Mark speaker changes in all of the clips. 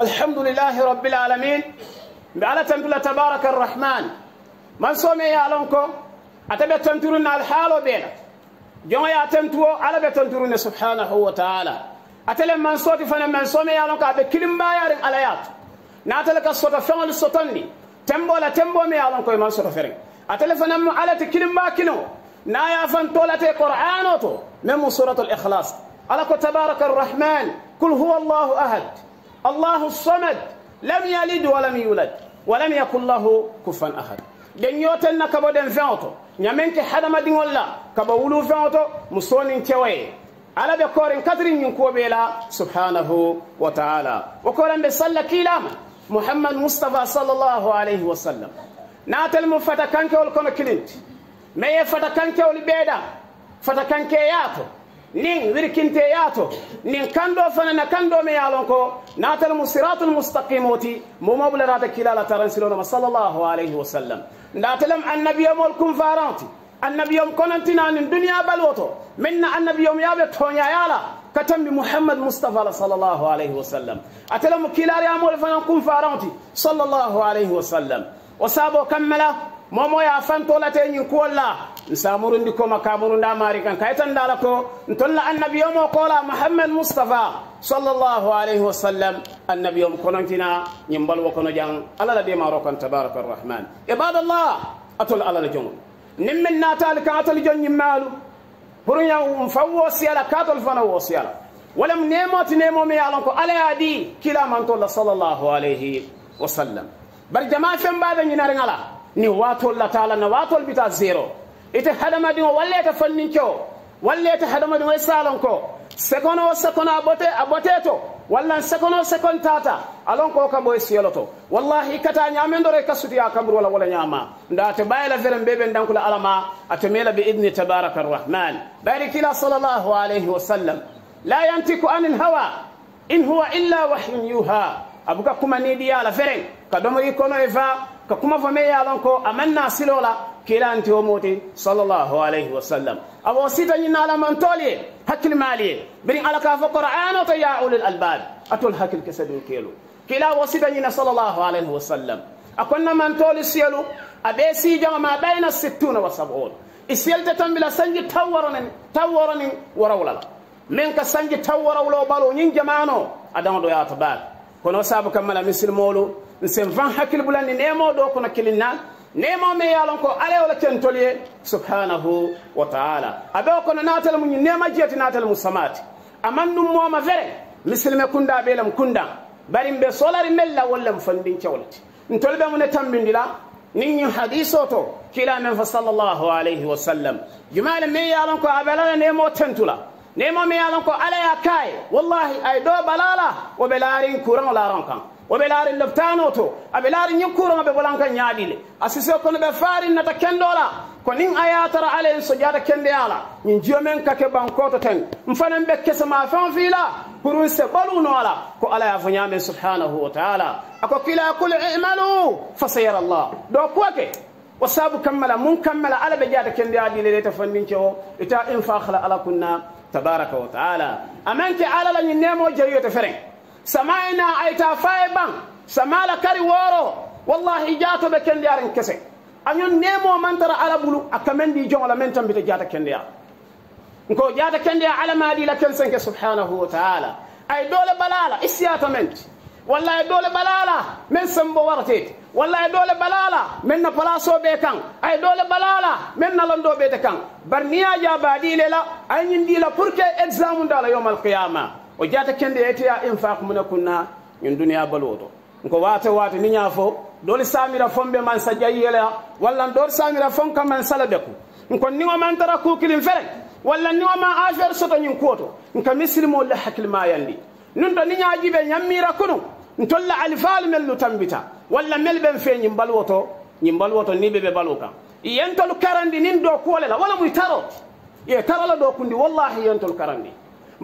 Speaker 1: الحمد لله رب العالمين بعلى تنبلا تبارك الرحمن من سوم يا لونكو اتبع تنترون الحال بينا جون يا تنتو على بتنترون سبحانه وتعالى اتلم من صوت فن من سوم يا لونكو بكلم باير الايات ناتلك الصوت فن الصوتني تمبو لا تمبو مي يا لونكو من صوت فرين اتلم فن على تكلم باكنو نايا فن تولت القران اوتو من سوره الاخلاص على تبارك الرحمن قل هو الله احد الله الصمد لم يلد ولم يولد ولم يكن له كفا احد دنيوتن كبو دن فيوتو نيامنك حدما دين ولا كبو ولو فيوتو مسونين تيوي على بكورن كاترين ينكو بيلا سبحانه وتعالى وكورن بسلا كيلام محمد مصطفى صلى الله عليه وسلم ناتل مفتا كانكو الكونكلينت ما يفتا كانكو البيدا فتا كانكياتو نين ويركنتياتو نين كندو فنانا كندو ميالونكو ناتل مصيرات المستقيموتي ممبلا رات كلالا ترنسلونا صلى الله عليه وسلم ناتلم النبي يوم الكنفارانتي النبي يوم كننتنا ان الدنيا بلوتو منا النبي يوم يابي تونيا يالا كتم بمحمد مصطفى صلى الله عليه وسلم اتلم كلالا يوم الفنان كنفارانتي صلى الله عليه وسلم وسابو كملا مومو يا فانتو لتين كولا nsamuru ndi koma kamuru nda mari kan kaytan dala ko ntolla annabiyo mo kola muhammad mustafa sallallahu alaihi wasallam annabiyo mo konontina nyimbal wo kono jang ala la de maro kan tabaraka arrahman ibadallah atul ala la jongo nimmin natal ka atul jon nyimalu burun ya um fawo siyala katul fana wo siyala walam nemoti nemo me yalon ko ala yadi kila man tolla sallallahu alaihi wasallam bar jama'a fen bada nyinare ngala ni watol la taala na watol bita zero ite hadamadiŋo walla ite fonninkeo walla ite hadama e salon ko sekono sekono abote abote to walla sekono sekon tata alon ko kambo e siyolo to wallahi kata ñamen kasuti ya kambur wala wala nyama nda te bayla feren mbe ɓen dankula alama atemela bi idni tabaraka arrahman barikila sallallahu alayhi wa sallam la yantiku an il hawa in huwa illa wahyun yuha abuka kuma nidi ya la domori kadomo ikono eva ka kuma fo me yalon ko amanna silola kilanti o moti sallallahu alayhi wa sallam awo sita ñin ala man toli hakkil mali bari ala ka fa qur'an to ya ulul albab atul hakkil kasadun kelu kila wo sita ñin sallallahu alayhi wa sallam akonna man toli sielu abe si jama ma bayna 60 wa 70 isyelta tambila sanji tawwaronen tawwaronen warawla men ka sanji tawwarawlo balo ñin jamano adan do ya tabak kono sabu kamala misil molu sen van hakkil bulani nemo do kono kilinna nemo me yalon ko ale wala ten tolye subhanahu wa ta'ala abe ko natal mun nema jeti natal musamat amannu num moma vere muslima kunda belam kunda barim be solar mella walla mfandin cewlati ntolbe mun tambindila nin hadiso to kila men fa sallallahu alaihi wa sallam jumala me yalon ko abela nemo tentula nemo me yalon ko ale ya kai wallahi ay do balala o belarin kuran laran kan وبلار النفتانو تو أبلار ينكرون ببلان كان يادي لي أسيسو كن بفارين نتكن دولا كنين آيات را عليه سجارة كن ديالا من جيومين كاكي بانكوتو تن مفنن بكس ما فان فيلا كرون سبالو نوالا كو على يفنيام سبحانه وتعالى أكو كلا كل اعملو فسير الله دو كوكي وسابو كمل منكمل على بجارة كن ديالي لي تفنين إتا انفاخل على كنا تبارك وتعالى أمانك على لن ينمو جريو تفرين سماينا ايتا فايبا سمالا كاري وورو والله جاتو بكن ديار انكسي انيون نيمو من ترى على بلو اكمن دي جون ولا من تم جاتا كن ديار نكو جاتا كن ديار على ما دي لكن سنك سبحانه وتعالى اي دول بلالا اسياتا منت والله دول بلالا من سمبو ورتيت والله دول بلالا من نبلاسو بيكان اي دول بلالا من نلندو بيتكان برنيا دي للا اي دي لا بوركي اكزامون دال يوم القيامه o jata kende ya infaq mune kunna ñun duniya baluwoto nko waate waate ni nyafo dol samira fombe man sa jayyela walla samira fon fonka man sala beku nko niŋo man tara kuukilin fere walla niŋo man affaire soto ñiŋ kuwo nka misilimolu le hakilimayandi nun to ni ñaa jibe ñammiira kunu ntolla alifaalu mel lu tambita walla mel ben fee ñiŋ baluwo to ñiŋ ni be be baluwo kaŋ yentolu karandi niŋ doo kuwo le wala muy taroti ye tarala do kundi wallahi yentolu karandi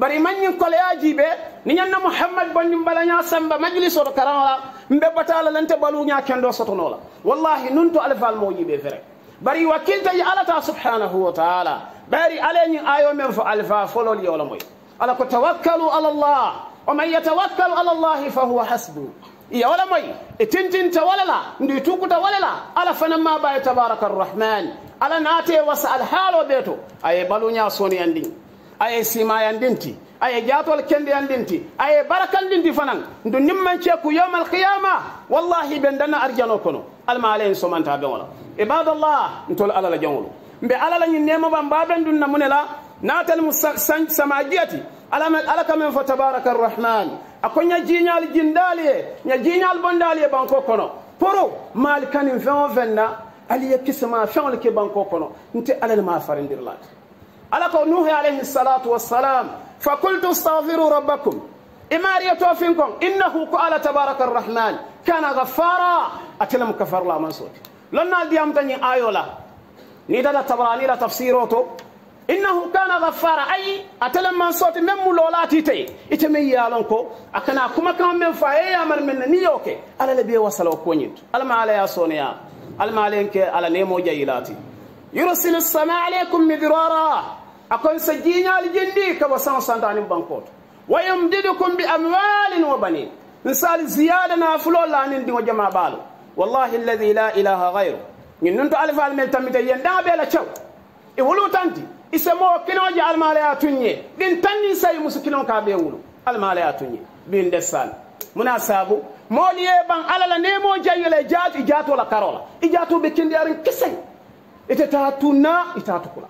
Speaker 1: bari manni kole yaji be ni nyanna muhammad bonni mbala nya samba majlis o karanola mbe batala lante balu nya kendo sotonola wallahi nuntu alfal moji be fere bari wakilta ya ta subhanahu wa ta'ala bari alenyi ayo men fo alfa folol yola moy ala ko tawakkalu ala allah wa man yatawakkalu ala allah fa huwa hasbu يا ولا مي تنتنت تولا لا ندي تولا لا على ما باي تبارك الرحمن على ناتي وسأل حاله بيتو أي بلونيا سوني عندي aye simayandinti aye jatol kendeyandinti aye barakandinti fanan ndu nimmanke ku yawma qiyama wallahi bendana arjano kono alma alayen somanta be wala ibadallah ntol alala jangol mbe alala ñin nemaɓa mbaɓen ɗum namune la natal mu alama ala min fo tabaraka arrahman akonya jinyal jindali ye ña jiñal bondali ye banko kono poro maali kanin feŋo fenna na ali ye ke banko kono nte alal ma farindirlat ألقى نوح عليه الصلاة والسلام فقلت استغفروا ربكم إما ريتوفنكم إنه قال تبارك الرحمن كان غفارا أتلم كفر الله من صوت لن أديام تني آيولا نيدا تبراني لا تفسيروتو إنه كان غفارا أي أتلم من صوت من مولولاتي تي إتمي يالنكو أكنا كما كان من فايا من من نيوكي ألا لبي وصلوا كونيت ألا ما عليها سونيا ألا ما عليك ألا نيمو جايلاتي يرسل السماء عليكم مدرارا أكون سجينا لجندي كبا سان سانتاني بانكوت ويمددكم بأموال وبنين نسال زيادة نافلو لا نندي وجمع بالو والله الذي لا إله غيره ñin nun to alifal mel tamite yen daa bela cew e wulu tanti isemo kinoje almalaya tunye ɗin tanni sayi musu kinon ka ɓe wulu almalaya tunye bin dessan muna sabu moolu ye ban alala nemo jayele jaatu i jaatola karola i jaatu ɓe kindi arin kisay ite ta tunna i ta tukula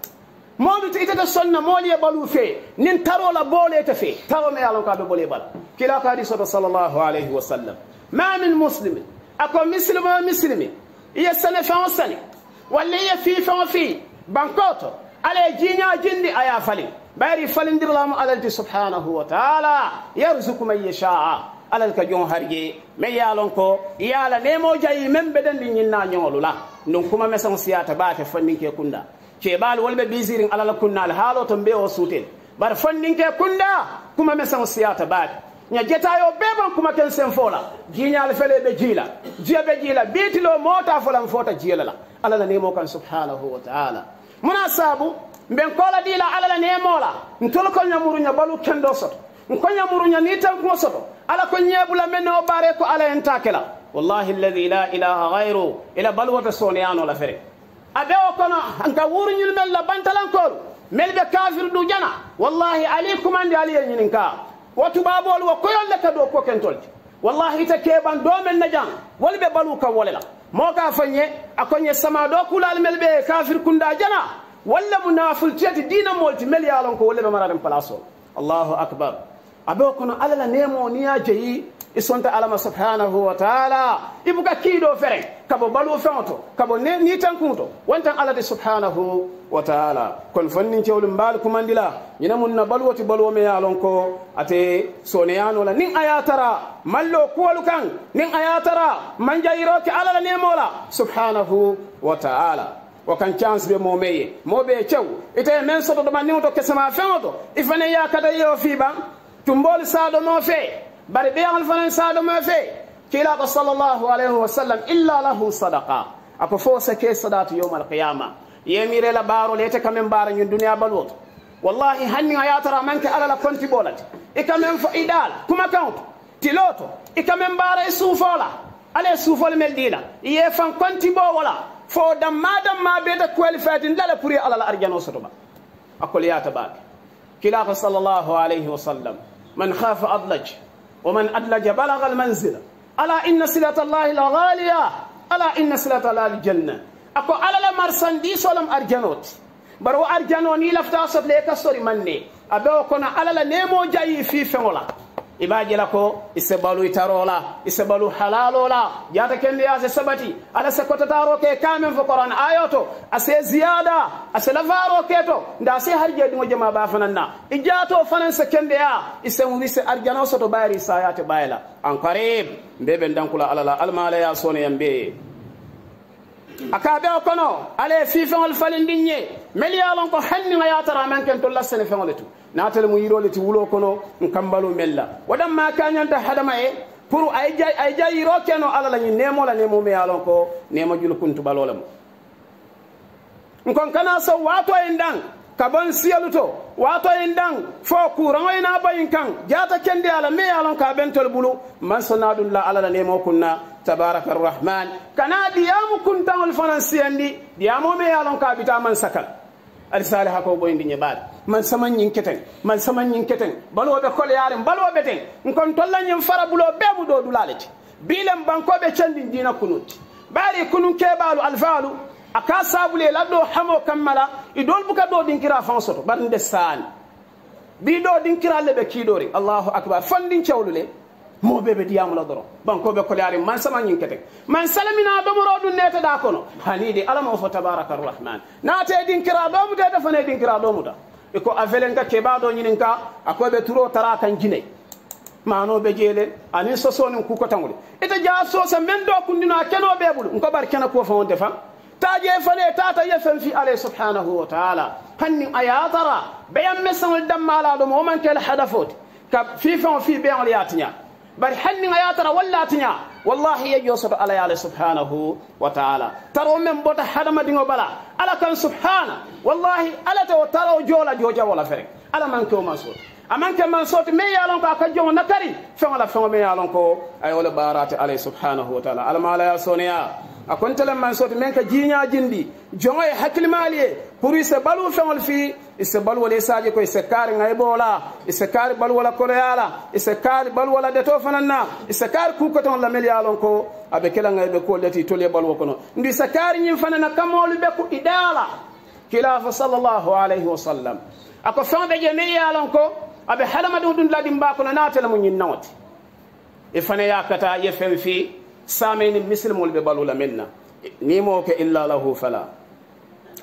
Speaker 1: مودو تيتا سنة مولي بلو في نين ترو لا بولي تفي ترو مي الله كاد بولي بال كلا حديث صلى الله عليه وسلم ما من مسلم اكو مسلم ما مسلم يا سنة فان سنة ولا يا في فان في بانكوتو على جينيا جندي ايا فالي باري فالين دي بلام على سبحانه وتعالى يرزق من يشاء على الكجون هرجي مي يالونكو يالا نيمو جاي ميم بدن دي نينا نيولو لا كوما مسون سياتا باكي فنين كوندا keɓal wolɓe bisirin alala kunnal haalo to mbe o suutel bara fonninke kunda kuma me sen siyata baaɓe ña jetayo bee ban kuma ken sen fola jiñaale fele ɓe jiila jiya ɓe jiila biitilo moota folan fota jiyala la ala la nemo kan subhanahu wa taala muna saabu mben kola diila ala la nemola ntol ko ñamuruña balu kendo soto nko ñamuruña ni tankuŋo soto ala ko ñeebula men no bare ko ala en takela wallahi alladi la ilaha gayru ila baluwata sooneyano la fere أبيو كنا أنك ورن يلمل لبنتلان كور مل كافر دو جنا والله عليكم عندي علي ينكا وتبابول وكل لك دو كوكن تولج والله تكيبان دوم النجان ولبي بلوكا وللا موكا فني أكون سما دو كل المل كافر كندا جنا ولا منافل تيات دين مولتي مل يالونكو ولا مرارم بلاصو الله أكبر أبيو كنا ألا نيمو نيا جيي i sonta alama subhanahu wa taala i buka fere kabo balu fonto to kabo ni tankuŋo to wontan alla de subhanahu wa taala kono fannincewolu mbaali kumandi la ina mun na baluwo baluwo me ye lon ko ate soneyano la nin ayatara mallo tara malloo kuwolu kaŋ niŋ a manjayiro ke alla la nemo subhanahu wa taala wo kan chance be mo meye mo be ite men soto do manni to kesama feŋo to ifane ya kata yo fiba tumbol sa do no fe bari ɓe yagal fanan saɗoma fe kilaɗo sallllahu alayhi wa sallam illa lahu sadaka ako fo sake sadatu yowma alqiyama yemirela ɓarol yete kamen mbara ñin duniya balwoto wallahi hanni a yatara manke alala konti ɓolati e kamen fo iɗala kuma kawto tiloto e kamen mbara e suufola ala e suufol mel ɗila ye fan konti ɓo wala fo damma damma ɓeeta kuwalifatin lala pour alala arjano sotoɓa akol yata ɓake kilaɗo sallllahu alayhi wa sallam man hafa adlaj ومن أدلج بلغ المنزل ألا إن صلة الله لغالية ألا إن صلة الله الجنة أكو ألا دي سولم أرجنوت برو أرجنوني لفتا صد سوري مني أبو كنا ألا نيمو جاي في فنولا iba jela ko isebalu itarola isebalu halalola jata kende yase sabati ala se kotataro ke kamen fo ayoto ase ziyada ase lavaro keto nda se harje dum jama ba fananna ijato fanan se kende ya isemu wise arjana soto bayri sayate bayla an mbebe ndankula alala almala ya sone yambe akabe okono ale fifon falindinye meli yalon ko hanni ngayatara man ken to natale mo yirole ti wulo kono kambalu mella waɗan ma kañanta hadama e pour aay ja yiro keno allah lañi nemola nemume yalon ko nemo julo kuntuɓalola mo kon kana so wato en ɗan ka bon siyalu to wato en ɗan fo courant o e ena bayin kan jata kendi allah mai yalon ka bentol ɓulu mansona ɗum la allah la nemo kunna tabaraka rrahman kana ɗiyamu kuntangol fanan siyandi ɗiyamo mai yalon ka bita man sakal ali saliha ko ɓoyndi ñeɓaade man saman ñin keten man saman ñin keten balooɓe koloyaaren balooɓe ten nkon tollañin fara buloo bee mu ɗoo dulaale te biilen bankooɓe canndin diina kunutti ɓaari kunun keɓaalu alfaalu a ka saabule laɗɗo hamo kammala i dool buka ɗo ɗinkira fan soto ɓarnde saani ɓii ɗo ɗinkiralle ɓe kiiɗori allahu acbar fondin cewlule مو بيبي دي عمل درو بانكو بكل عالم من سما ينكتك من سلمنا بمرو دون نيت داكونو حنيد علم تبارك الرحمن ناتي دين كرا دوم دي دفن دين كرا دوم دا اكو افلنكا كيبا دو نينكا اكو بي ترو جيني ما نو بجيل ان سوسون كوكو تانغول اتا جا سوس من دو كندنا كنو بيبول انكو بار كنا كو فون دفا تاجي فلي تاتا يفن في عليه سبحانه وتعالى هني ايا ترى بيام مسن الدم على دو مومن كل حدفوت كف في فون بيان لياتنيا برحني يا ترى ولا تنيا والله يا يوسف على يالي سبحانه وتعالى ترى من أمم بوتا حدما دينو بلا على كان سبحانه والله على تو ترى جولا جوجا ولا فرق على من كو منصور أمانك منصور مي على انكو اكجو نكري فما لا فما مي على بارات عليه سبحانه وتعالى على ما لا يا سونيا akon tele man soti men ka jinya jindi jongo e hakil maliye pour ise balu fengol fi ise balu e e wala isaje ko ise kar ngai bola ise kar balu wala ko yala ise kar balu wala de to fananna ise kar ku ko ton la mel yalon ko abe kela ngai be ko e leti tole balu ko no ndi ise kar nyim fanana kamolu be ku idala kilafa sallallahu alaihi wasallam ako fengbe je mel yalon ko abe halama dun dun ladim ba ko na natela mun yin nawti e fane yakata ye fem fi سامين مثل مول ببالولا منا نيموك إلا له فلا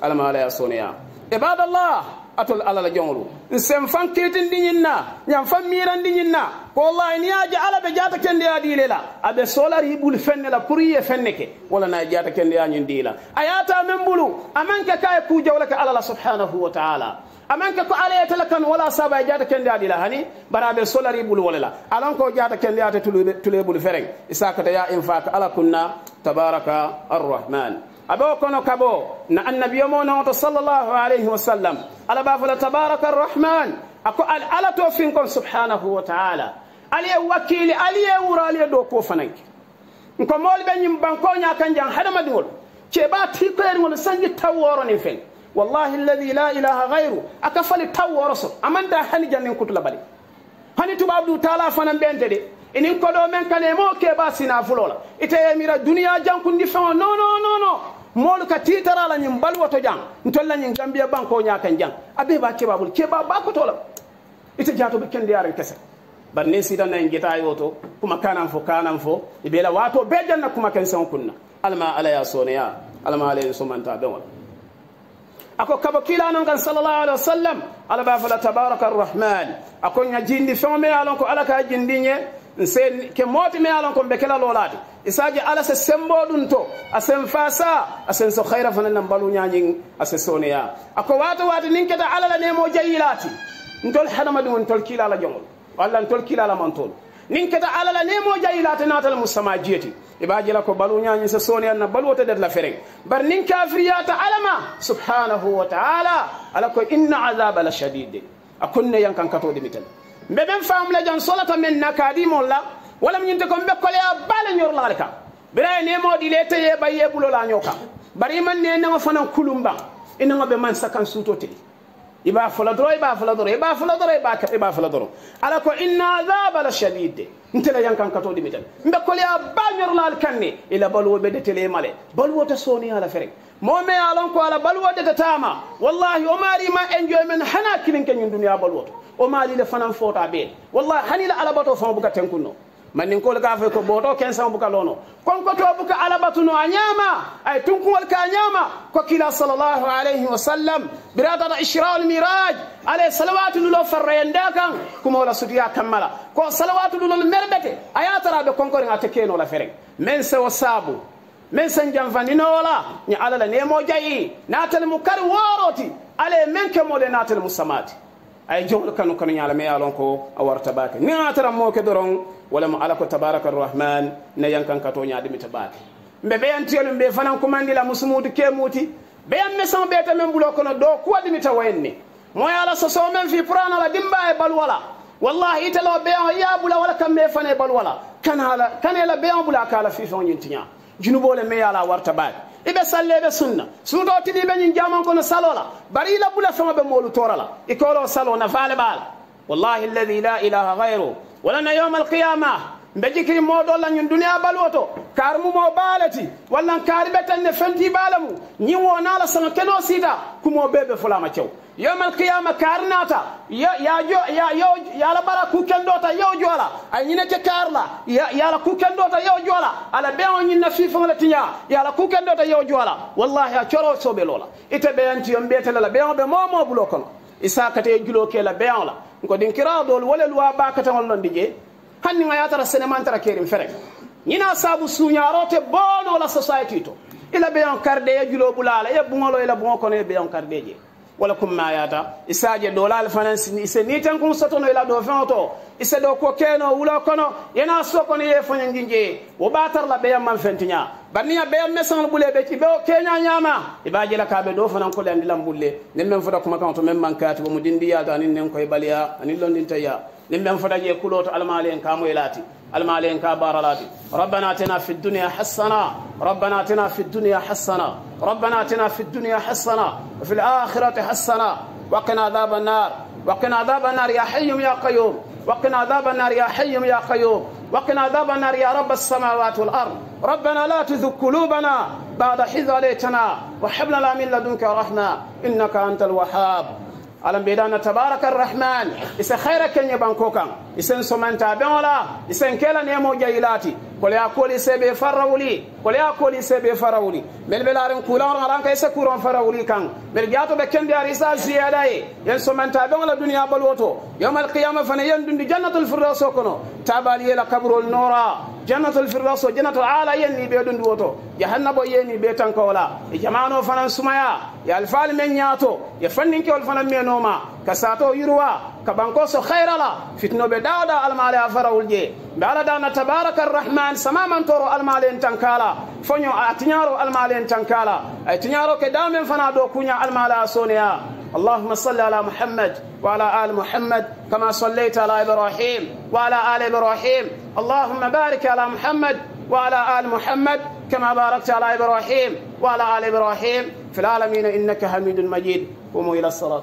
Speaker 1: ألم على يا سونيا عباد الله atol ala la jongolu sem fan ketin dinin nyam fan miran dinin ko wallahi ni aja ala be jata kende ya dile abe solar ibul fenne la pour ye fenneke wala na jata kende ya nyin dila ayata men bulu amanka kay ku jawlaka ala la subhanahu wa ta'ala amanka ko ala yetele kan wala saba jata kende adila hani baraɓe solari ɓul wolela alon ko jata kende ate tule fereng isakata ya infak ala kunna tabaraka arrahman abo kono kabo na annabiyo mo nowoto sallllahu alayhi wa sallam ala ba fola tabaraka arrahman ako al ala to finkon subhanahu wa taala ali ye wakkili ali ye wuro ali ye do ko fananke nko moolu ɓe ñim bankoña kan jan hadamadiŋolu ceeɓa tikoyeriŋolu sanji taw woro nin feŋ wallahi alladi la ilaha gayru aka fali taw woro so amanta hani jannin kutula bali hani tubabu du taala fanan ɓente de inin koɗo men kane mo keɓa sina fulola ite yemira duniya jankundi feŋo no no no no moolu ka tiitara la ñiŋ baluwo to jaŋ ntol la ñiŋ gambiya banko ñaa kaŋ jaŋ a bee baa kebaa bulu ba baa koto la ite jaato be kendeyaariŋ kese bari niŋ siita naŋ gitaayo to kuma kaanaŋ fo kaanaŋ fo i be la waatoo bee janna na kuma kenseŋo kunna alla ala alla ye a sooneya alla ma alla ye somanta beŋo la a ko kabo kiilaanoŋ kaŋ salallahu alihi wa sallam alla baa fo la tabaraka arrahman a ko ña jindi feŋo me ye a loŋ ko alla ka a jindi ñe nse ke moti me alon kombe kala lolati isaji ala se sembo dun to asen fasa asen so khaira fanan nan balu nyanyin ase soneya ako wato wato ninketa ala la nemo jayilati ntol hadamadum ntol kila la jongol walla ntol kila la mantol ninketa ala la nemo jayilati natal musama jiyati ibaji la ko balu nyanyin se soneya na balu wata der la fereng bar nin kafriyata alama subhanahu wa ta'ala ala ko inna azaba la shadid akunne yankan kato dimital mbe ben faam la jan solata men na kadimol la wala min ko mbe ko ya bala nyor la ka bira ne mo di le teye baye bulo la nyoka bari man ne na fana kulumba ina ngobe man sakan suto te iba fala doro iba fala doro iba fala doro iba ka iba fala doro ala ko inna azaba la shadid ntela yankan katodi miten mbe kolya bañor lal kanni ila balwo be de tele male balwo ta soni ala ferek momme alon ko ala baluwo de tama wallahi o mari ma enjoyment hana kilin ken duniya balwo o mari le fanan fota be wallahi hanila alabato bato fon buka tenkunno kol ka fay ko boto ken sama buka kon ko to buka alabatuno a ñaama ay tunkugol ka ñaama ko kila sallallahu alayhi wa sallam biratata al miraj ala salawatu ɗulo farrayende kan kuma wola sutuya kammala ko salawatu ɗulol merɓete a yataraɓe la a men feren min men saabu min sen wala ña alala mo jayi natal mu kari woroti ala men le natal mu samati ay jowlo kanu kanu ñaala me yalon ko a warta baake ni a tara mooke doron wala ala ko tabaraka arrahman ne yankan kato dimi baake mbe ɓeyantiyolum be fanan kumandila musumuti kemuti ɓeyan mesan ta men bulo kono do kuwa dimita yala so so men fi puranala dimba e balwala wallahi on ya bula wala kam ɓe fane kan ela kanela on bula kala fifon ñintiña junubole me yala warta baake ibe salle be sunna sundo tidi be nyin jaman kono salola bari la bula fama be molu torala ikolo salo na fale bal wallahi alladhi la ilaha ghayru ولنا yawm alqiyamah mbe jikiri moɗol la ñin duniya baluwoto kar mumo baaleti walla kaari ɓe tan ne fenti baala ñin wonala sana keno siita kumo ɓe ɓe fulama cew yowma alqiyama kaari naata yala bara ku kendota yew ay ñineke kaarla yala ku kendota yew ala ɓe o ñinna fiifoŋle tiña yala ku kendota yow joola wallahi a coro soɓe lola ite ɓeyantiyon mbiyetelela ɓe o ɓe momo bulo kono isakate e julo kela ɓe o la ko ɗin kiraɗol wolel wa bakataŋol non ndi hanninga yatara sénéman tara kerin ferek ñina saabu suñarote bono la society to ila beyon karde ya julo bulala ya bungolo ila bungo kono ya beyon karde je wala kumma yata isaje dolal fanan ise ni tan kun sotono ila do fento ise do ko keno wulo kono yana so kono ye fanyanginje wo batar la beyon man fentinya banniya ɓe mesaŋol ɓule ɓe kiɓe o keña ñama iɓa jela kaɓe ɗo fanan kole andilan ɓulle nin men fota kuma kan to men mankati bomo dindiyato anin nen koye baliya anin londintaya nin men fota je kuloto almali en kamoye laati ka bara laati rabbana atina fi dunia hassana rabbana atina fi dunia hassana rabbana atina fi dunia hassana wa fi hassana وقنا عذاب النار وقنا عذاب النار يا حي يا قيوم وقنا عذاب النار يا حي يا قيوم وقنا عذاب النار يا رب السماوات والأرض ربنا لا تذق قلوبنا بعد حذ عليتنا وحبنا لا من لدنك رحمة إنك أنت الوهاب ألم بدانا تبارك الرحمن إذا خيرك يبان isen somanta beŋola isen kela nemo jayilati kole ya sebe farawuli kole ya sebe farawuli mel be laren kulan ran kay se kuron farawuli kan mel gato be kendi ari sa ziyada e yen somanta beŋola duniya balwoto yawmal qiyamah fana yen dundi jannatul firdaus kono tabali yela kabrol nora jannatul firdaus jannatul ala yenni ɓe ɗon duwoto jahannabo yeni ɓe tankowola e jamano fanan sumaya e alfaali men ñaato e fanninkewol fanan menoma ka sato كبانكو سو خير الله فتنو بدا دا المالي افراول جي بالا دانا تبارك الرحمن سما من تورو المالي انتنكالا فنيو اتنيارو المالي انتنكالا اتنيارو كدام فنا دو كونيا المالي اسونيا اللهم صل على محمد وعلى ال محمد كما صليت على ابراهيم وعلى ال ابراهيم اللهم بارك على محمد وعلى ال محمد كما باركت على ابراهيم وعلى ال ابراهيم في العالمين انك حميد مجيد قوموا الى الصلاه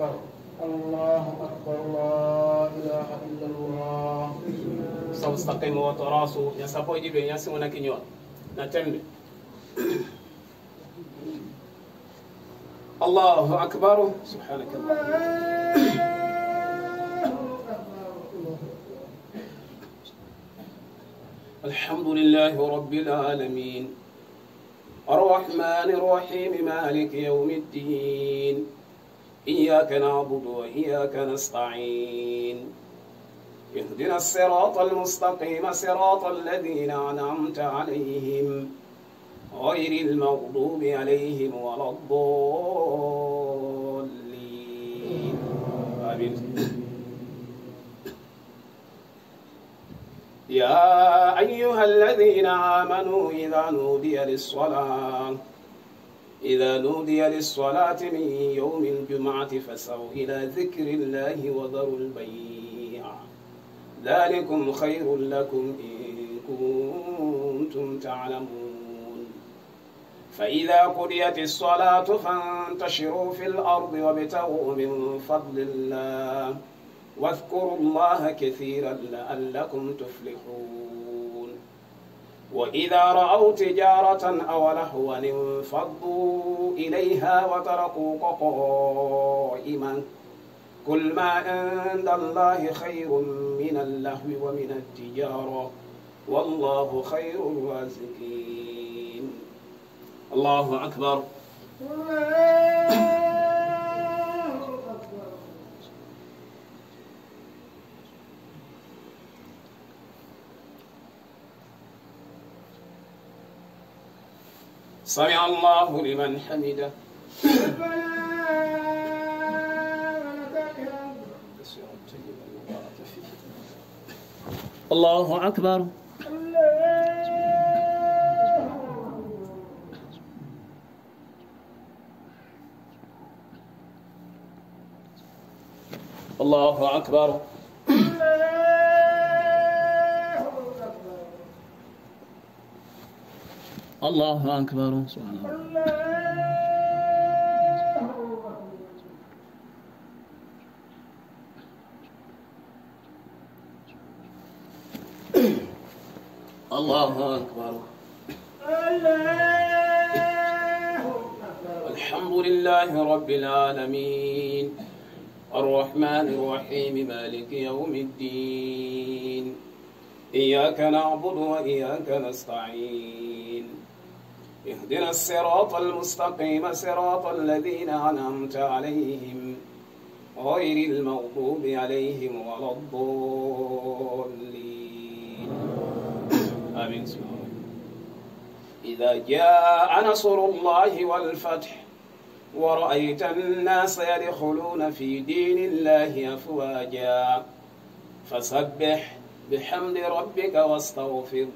Speaker 2: أكبر الله أكبر لا إله إلا الله
Speaker 1: سو استقيم وتراسو يا سابو يجيب يا سيمونا كينيون نتمي الله أكبر سبحانك الله الحمد لله رب العالمين الرحمن الرحيم مالك يوم الدين إياك نعبد وإياك نستعين اهدنا الصراط المستقيم صراط الذين أنعمت عليهم غير المغضوب عليهم ولا الضالين آمين يا أيها الذين آمنوا إذا نودي للصلاة إذا نودي للصلاة من يوم الجمعة فسعوا إلى ذكر الله وذروا البيع ذلكم خير لكم إن كنتم تعلمون فإذا قضيت الصلاة فانتشروا في الأرض وابتغوا من فضل الله واذكروا الله كثيرا لعلكم تفلحون وإذا رأوا تجارة أو لهوا انفضوا إليها وتركوك قائما قل ما عند الله خير من اللهو ومن التجارة والله خير الرازقين الله أكبر سمع الله لمن حمده
Speaker 2: ربنا ولك
Speaker 1: الله أكبر الله أكبر الله أكبر
Speaker 2: سبحان الله الله
Speaker 1: أكبر الحمد لله رب العالمين الرحمن الرحيم مالك يوم الدين إياك نعبد وإياك نستعين اهدنا الصراط المستقيم صراط الذين أنعمت عليهم غير المغضوب عليهم ولا الضالين آمين إذا جاء نصر الله والفتح ورأيت الناس يدخلون في دين الله أفواجا فسبح بحمد ربك واستغفره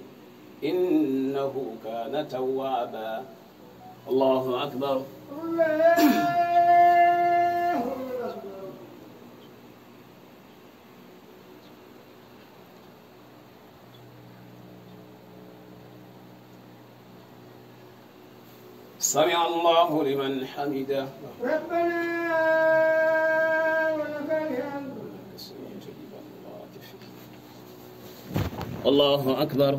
Speaker 1: إنه كان توابا الله أكبر سمع الله لمن حمده
Speaker 2: ربنا
Speaker 1: الله أكبر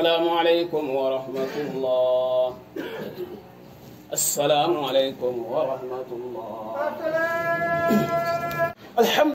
Speaker 1: السلام عليكم ورحمة الله السلام عليكم ورحمة الله الحمد